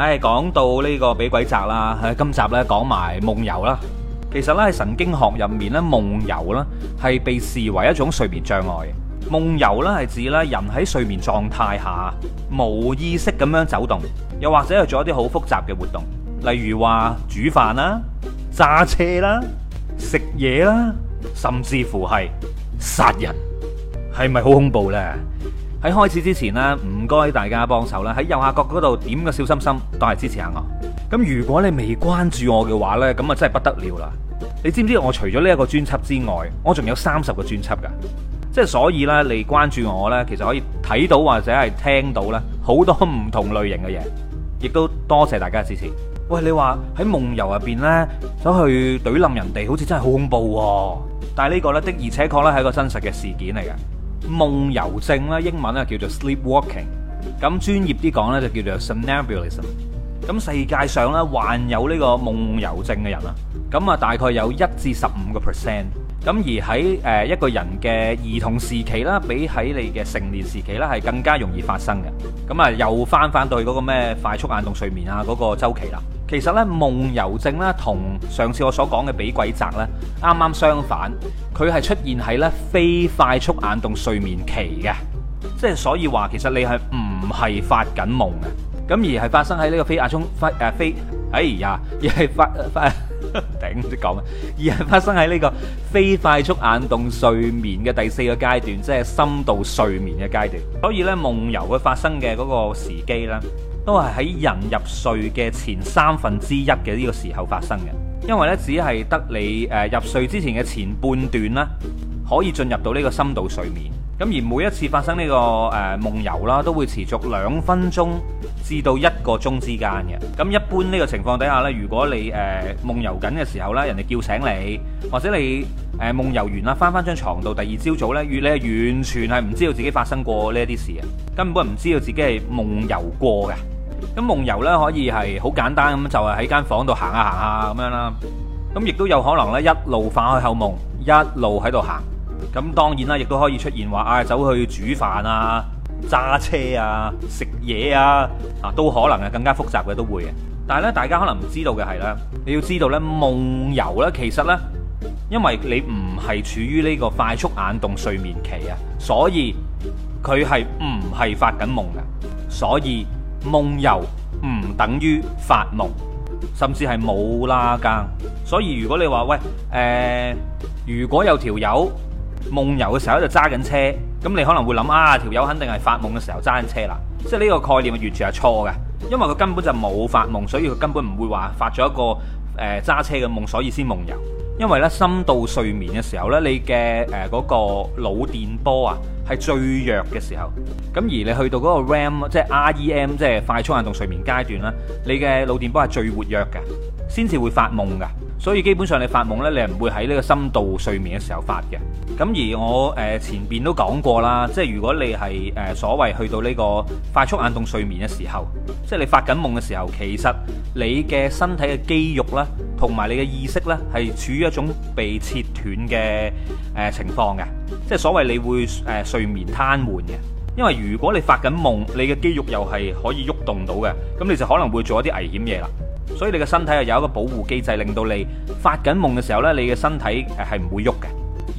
唉，講到呢個俾鬼責啦，今集咧講埋夢遊啦。其實咧喺神經學入面咧，夢遊啦係被視為一種睡眠障礙。夢遊咧係指咧人喺睡眠狀態下無意識咁樣走動，又或者係做一啲好複雜嘅活動，例如話煮飯啦、揸車啦、食嘢啦，甚至乎係殺人，係咪好恐怖呢？喺開始之前呢，唔該大家幫手啦，喺右下角嗰度點個小心心，當係支持下我。咁如果你未關注我嘅話呢，咁啊真係不得了啦！你知唔知我除咗呢一個專輯之外，我仲有三十個專輯噶，即係所以呢，你關注我呢，其實可以睇到或者係聽到呢好多唔同類型嘅嘢，亦都多謝大家支持。喂，你話喺夢遊入邊呢，走去懟冧人哋，好似真係好恐怖喎，啊！但係呢個呢的而且確咧係一個真實嘅事件嚟嘅。夢遊症咧，英文咧叫做 sleepwalking，咁專業啲講咧就叫做 somnambulism。咁世界上咧患有呢個夢遊症嘅人啦，咁啊大概有一至十五個 percent。咁而喺誒一個人嘅兒童時期啦，比喺你嘅成年時期咧係更加容易發生嘅。咁啊又翻返去嗰個咩快速眼動睡眠啊嗰個周期啦。其實咧，夢遊症咧，同上次我所講嘅俾鬼責咧，啱啱相反。佢係出現喺咧非快速眼動睡眠期嘅，即係所以話其實你係唔係發緊夢嘅，咁而係發生喺呢個非壓衝非誒非，哎呀，而係發、啊、發頂唔講啊！而係發生喺呢個非快速眼動睡眠嘅第四個階段，即係深度睡眠嘅階段。所以呢夢遊嘅發生嘅嗰個時機呢，都係喺人入睡嘅前三分之一嘅呢個時候發生嘅。因為呢只係得你誒入睡之前嘅前半段啦，可以進入到呢個深度睡眠。咁而每一次發生呢個誒夢遊啦，都會持續兩分鐘至到一個鐘之間嘅，咁一般呢個情況底下呢，如果你誒、呃、夢遊緊嘅時候呢，人哋叫醒你，或者你誒、呃、夢遊完啦，翻翻張床度，第二朝早呢，咧，你完全係唔知道自己發生過呢啲事嘅，根本唔知道自己係夢遊過嘅。咁夢遊呢，可以係好簡單咁，就係、是、喺間房度行下行下咁樣啦。咁亦都有可能呢，一路化開後夢，一路喺度行。咁當然啦，亦都可以出現話啊、哎，走去煮飯啊、揸車啊、食嘢啊，啊，都可能係，更加複雜嘅都會嘅。但係咧，大家可能唔知道嘅係啦，你要知道呢，夢遊呢，其實呢，因為你唔係處於呢個快速眼動睡眠期啊，所以佢係唔係發緊夢嘅，所以夢遊唔等於發夢，甚至係冇啦更，所以如果你話喂，誒、呃、如果有條友，夢遊嘅時候就揸緊車，咁你可能會諗啊條友、這個、肯定係發夢嘅時候揸緊車啦，即係呢個概念完全係錯嘅，因為佢根本就冇發夢，所以佢根本唔會話發咗一個誒揸車嘅夢，所以先夢遊。因為呢深度睡眠嘅時候呢，你嘅嗰、呃那個腦電波啊係最弱嘅時候，咁而你去到嗰個 RAM 即係 REM 即係快速眼動睡眠階段啦，你嘅腦電波係最活躍嘅。先至會發夢㗎，所以基本上你發夢呢，你唔會喺呢個深度睡眠嘅時候發嘅。咁而我誒、呃、前邊都講過啦，即係如果你係誒、呃、所謂去到呢個快速眼動睡眠嘅時候，即係你發緊夢嘅時候，其實你嘅身體嘅肌肉咧，同埋你嘅意識呢，係處於一種被切斷嘅誒情況嘅，即係所謂你會誒、呃、睡眠癱瘓嘅。因為如果你發緊夢，你嘅肌肉又係可以喐動到嘅，咁你就可能會做一啲危險嘢啦。所以你嘅身體係有一個保護機制，令到你發緊夢嘅時候呢，你嘅身體係唔會喐嘅。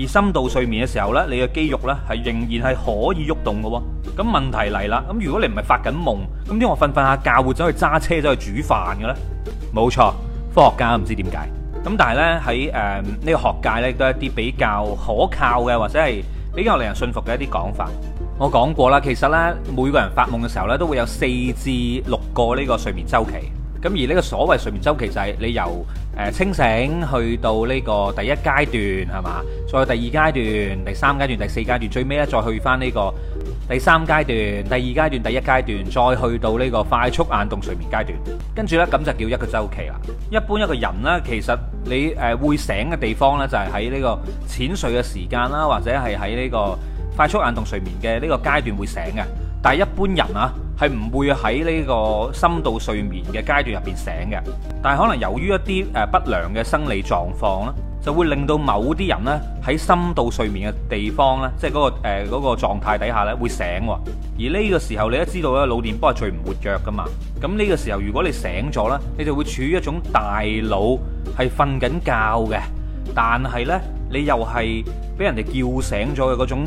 而深度睡眠嘅時候呢，你嘅肌肉呢，係仍然係可以喐動嘅。咁問題嚟啦，咁如果你唔係發緊夢，咁點我瞓瞓下覺，會走去揸車，走去煮飯嘅咧？冇錯，科學家唔知點解咁，但係呢，喺誒呢個學界呢，亦都係一啲比較可靠嘅，或者係比較令人信服嘅一啲講法。我講過啦，其實呢，每個人發夢嘅時候呢，都會有四至六個呢個睡眠周期。咁而呢個所謂睡眠週期就係你由誒清醒去到呢個第一階段係嘛？再第二階段、第三階段、第四階段，最尾咧再去返呢個第三階段、第二階段、第一階段，再去到呢個快速眼動睡眠階段，跟住咧咁就叫一個週期啦。一般一個人咧，其實你誒會醒嘅地方咧，就係喺呢個淺睡嘅時間啦，或者係喺呢個快速眼動睡眠嘅呢個階段會醒嘅。但係一般人啊，係唔會喺呢個深度睡眠嘅階段入邊醒嘅。但係可能由於一啲誒不良嘅生理狀況啦，就會令到某啲人咧喺深度睡眠嘅地方咧，即係嗰個誒嗰個狀態底下咧會醒。而呢個時候你都知道咧，腦電波係最唔活躍噶嘛。咁呢個時候如果你醒咗咧，你就會處於一種大腦係瞓緊覺嘅，但係咧你又係俾人哋叫醒咗嘅嗰種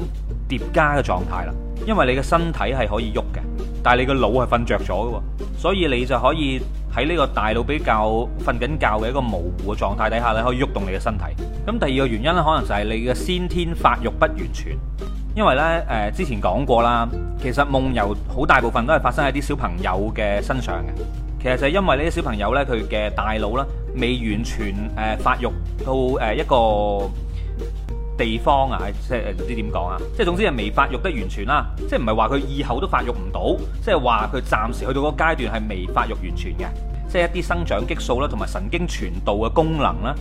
疊加嘅狀態啦。因為你嘅身體係可以喐嘅，但係你嘅腦係瞓着咗嘅，所以你就可以喺呢個大腦比較瞓緊覺嘅一個模糊嘅狀態底下咧，可以喐動你嘅身體。咁第二個原因咧，可能就係你嘅先天發育不完全。因為呢，誒、呃、之前講過啦，其實夢遊好大部分都係發生喺啲小朋友嘅身上嘅。其實就係因為呢啲小朋友呢，佢嘅大腦呢，未完全誒、呃、發育到誒一個。地方啊，即係唔知點講啊，即係總之係未發育得完全啦，即係唔係話佢以後都發育唔到，即係話佢暫時去到嗰個階段係未發育完全嘅，即係一啲生長激素啦，同埋神經傳導嘅功能啦，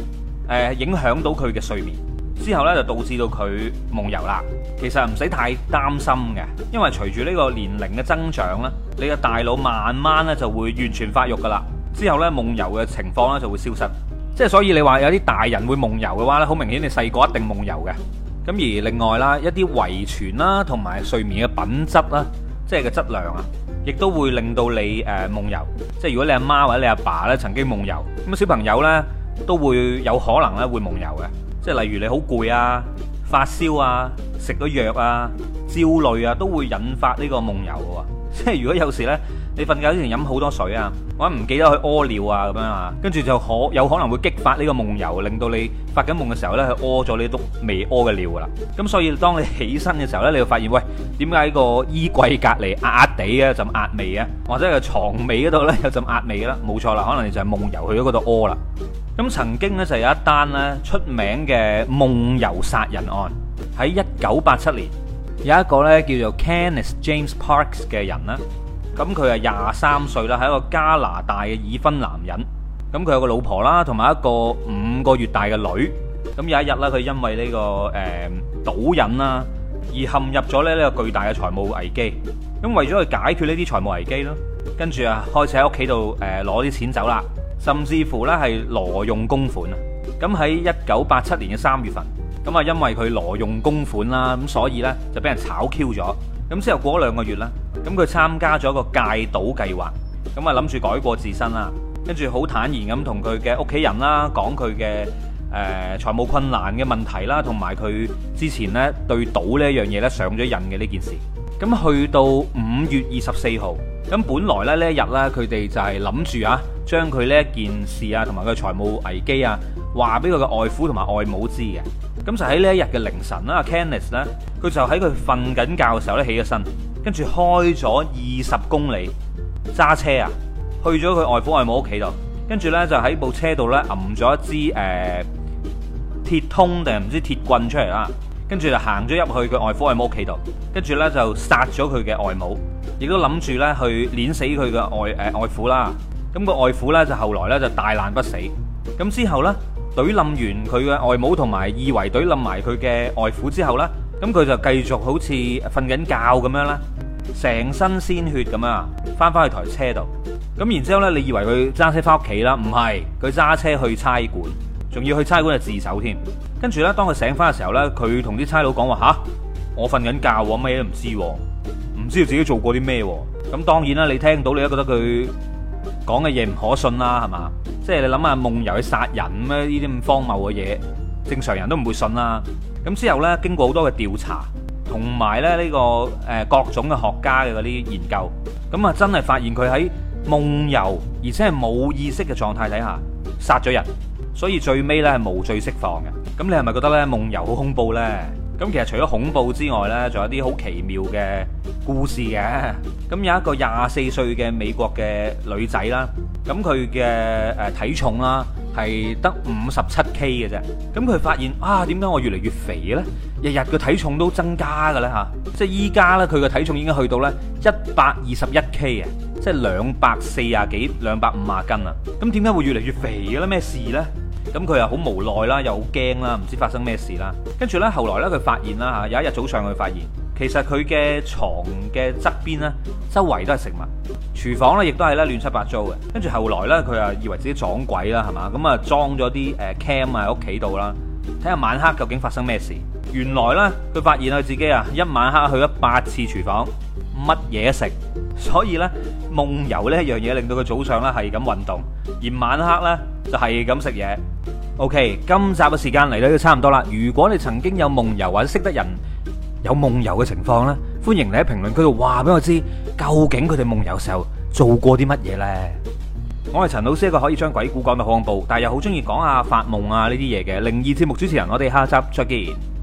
影響到佢嘅睡眠，之後呢，就導致到佢夢遊啦。其實唔使太擔心嘅，因為隨住呢個年齡嘅增長呢，你嘅大腦慢慢呢就會完全發育噶啦，之後呢，夢遊嘅情況呢就會消失。即係所以你話有啲大人會夢遊嘅話咧，好明顯你細個一定夢遊嘅。咁而另外啦，一啲遺傳啦，同埋睡眠嘅品質啦，即係個質量啊，亦都會令到你誒夢遊。即係如果你阿媽或者你阿爸咧曾經夢遊，咁啊小朋友咧都會有可能咧會夢遊嘅。即係例如你好攰啊、發燒啊、食咗藥啊、焦慮啊，都會引發呢個夢遊嘅喎。即係如果有時咧。你瞓覺之前飲好多水啊，或者唔記得去屙尿啊，咁樣啊，跟住就可有可能會激發呢個夢遊，令到你發緊夢嘅時候呢，去屙咗呢都未屙嘅尿噶啦。咁所以當你起身嘅時候呢，你就發現喂，點解個衣櫃隔離壓壓地啊，有陣壓味啊，或者個床尾嗰度呢，有陣壓味啦，冇錯啦，可能你就係夢遊去咗嗰度屙啦。咁曾經呢，就有一單呢出名嘅夢遊殺人案喺一九八七年，有一個呢叫做 Kenneth James Parks 嘅人啦。咁佢係廿三歲啦，係一個加拿大嘅已婚男人。咁佢有個老婆啦，同埋一個五個月大嘅女。咁有一日咧，佢因為呢、呢個誒賭癮啦，呃、而陷入咗呢個巨大嘅財務危機。咁為咗去解決呢啲財務危機啦，跟住啊開始喺屋企度誒攞啲錢走啦，甚至乎呢係挪用公款啊。咁喺一九八七年嘅三月份，咁啊因為佢挪用公款啦，咁所以呢，就俾人炒 Q 咗。咁之後過兩個月啦。咁佢參加咗個戒賭計劃，咁啊諗住改過自新啦，跟住好坦然咁同佢嘅屋企人啦講佢嘅誒財務困難嘅問題啦，同埋佢之前呢對賭呢一樣嘢呢上咗癮嘅呢件事。咁去到五月二十四號，咁本來呢一日呢，佢哋就係諗住啊，將佢呢一件事啊同埋佢財務危機啊話俾佢嘅外父同埋外母知嘅。咁就喺呢一日嘅凌晨啦，Kenneth 呢，佢就喺佢瞓緊覺嘅時候呢起咗身。跟住開咗二十公里揸車啊，去咗佢外父外母屋企度。跟住咧就喺部車度咧揞咗一支誒鐵通定係唔知鐵棍出嚟啦。跟住就行咗入去佢外父外母屋企度。跟住咧就殺咗佢嘅外母，亦都諗住咧去斬死佢嘅外誒外父啦。咁個外父咧就後來咧就大難不死。咁之後咧，隊冧完佢嘅外母同埋以為隊冧埋佢嘅外父之後咧。咁佢就繼續好似瞓緊覺咁樣啦，成身鮮血咁啊，翻翻去台車度。咁然之後呢，你以為佢揸車翻屋企啦？唔係，佢揸車去差館，仲要去差館啊自首添。跟住呢，當佢醒翻嘅時候呢，佢同啲差佬講話吓，我瞓緊覺乜嘢都唔知，唔知道自己做過啲咩。咁當然啦，你聽到你都覺得佢講嘅嘢唔可信啦，係嘛？即係你諗下夢遊去殺人咩？呢啲咁荒謬嘅嘢，正常人都唔會信啦。咁之後呢，經過好多嘅調查，同埋咧呢、呢個誒、呃、各種嘅學家嘅嗰啲研究，咁啊真係發現佢喺夢遊，而且係冇意識嘅狀態底下殺咗人，所以最尾呢係無罪釋放嘅。咁你係咪覺得呢夢遊好恐怖呢？咁其實除咗恐怖之外呢，仲有啲好奇妙嘅故事嘅。咁有一個廿四歲嘅美國嘅女仔啦，咁佢嘅誒體重啦、啊。係得五十七 K 嘅啫，咁佢發現啊，點解我越嚟越肥嘅咧？日日個體重都增加㗎咧吓，即係依家咧佢個體重已經去到咧一百二十一 K 啊，即係兩百四啊幾、兩百五啊斤啊！咁點解會越嚟越肥嘅咧？咩事咧？咁佢又好無奈啦，又好驚啦，唔知發生咩事啦。跟住咧，後來咧佢發現啦吓，有一日早上佢發現。其實佢嘅牀嘅側邊咧，周圍都係食物。廚房咧，亦都係咧亂七八糟嘅。跟住後來咧，佢啊以為自己撞鬼啦，係嘛？咁啊裝咗啲誒 cam 喺屋企度啦，睇下晚黑究竟發生咩事。原來咧，佢發現佢自己啊，一晚黑去咗八次廚房，乜嘢食。所以咧，夢遊呢一樣嘢令到佢早上咧係咁運動，而晚黑咧就係咁食嘢。OK，今集嘅時間嚟到都差唔多啦。如果你曾經有夢遊或者識得人，有夢遊嘅情況咧，歡迎你喺評論區度話俾我知，究竟佢哋夢遊嘅時候做過啲乜嘢呢？我係陳老師，一個可以將鬼故講到恐怖，但係又好中意講下發夢啊呢啲嘢嘅靈異節目主持人。我哋下集再見。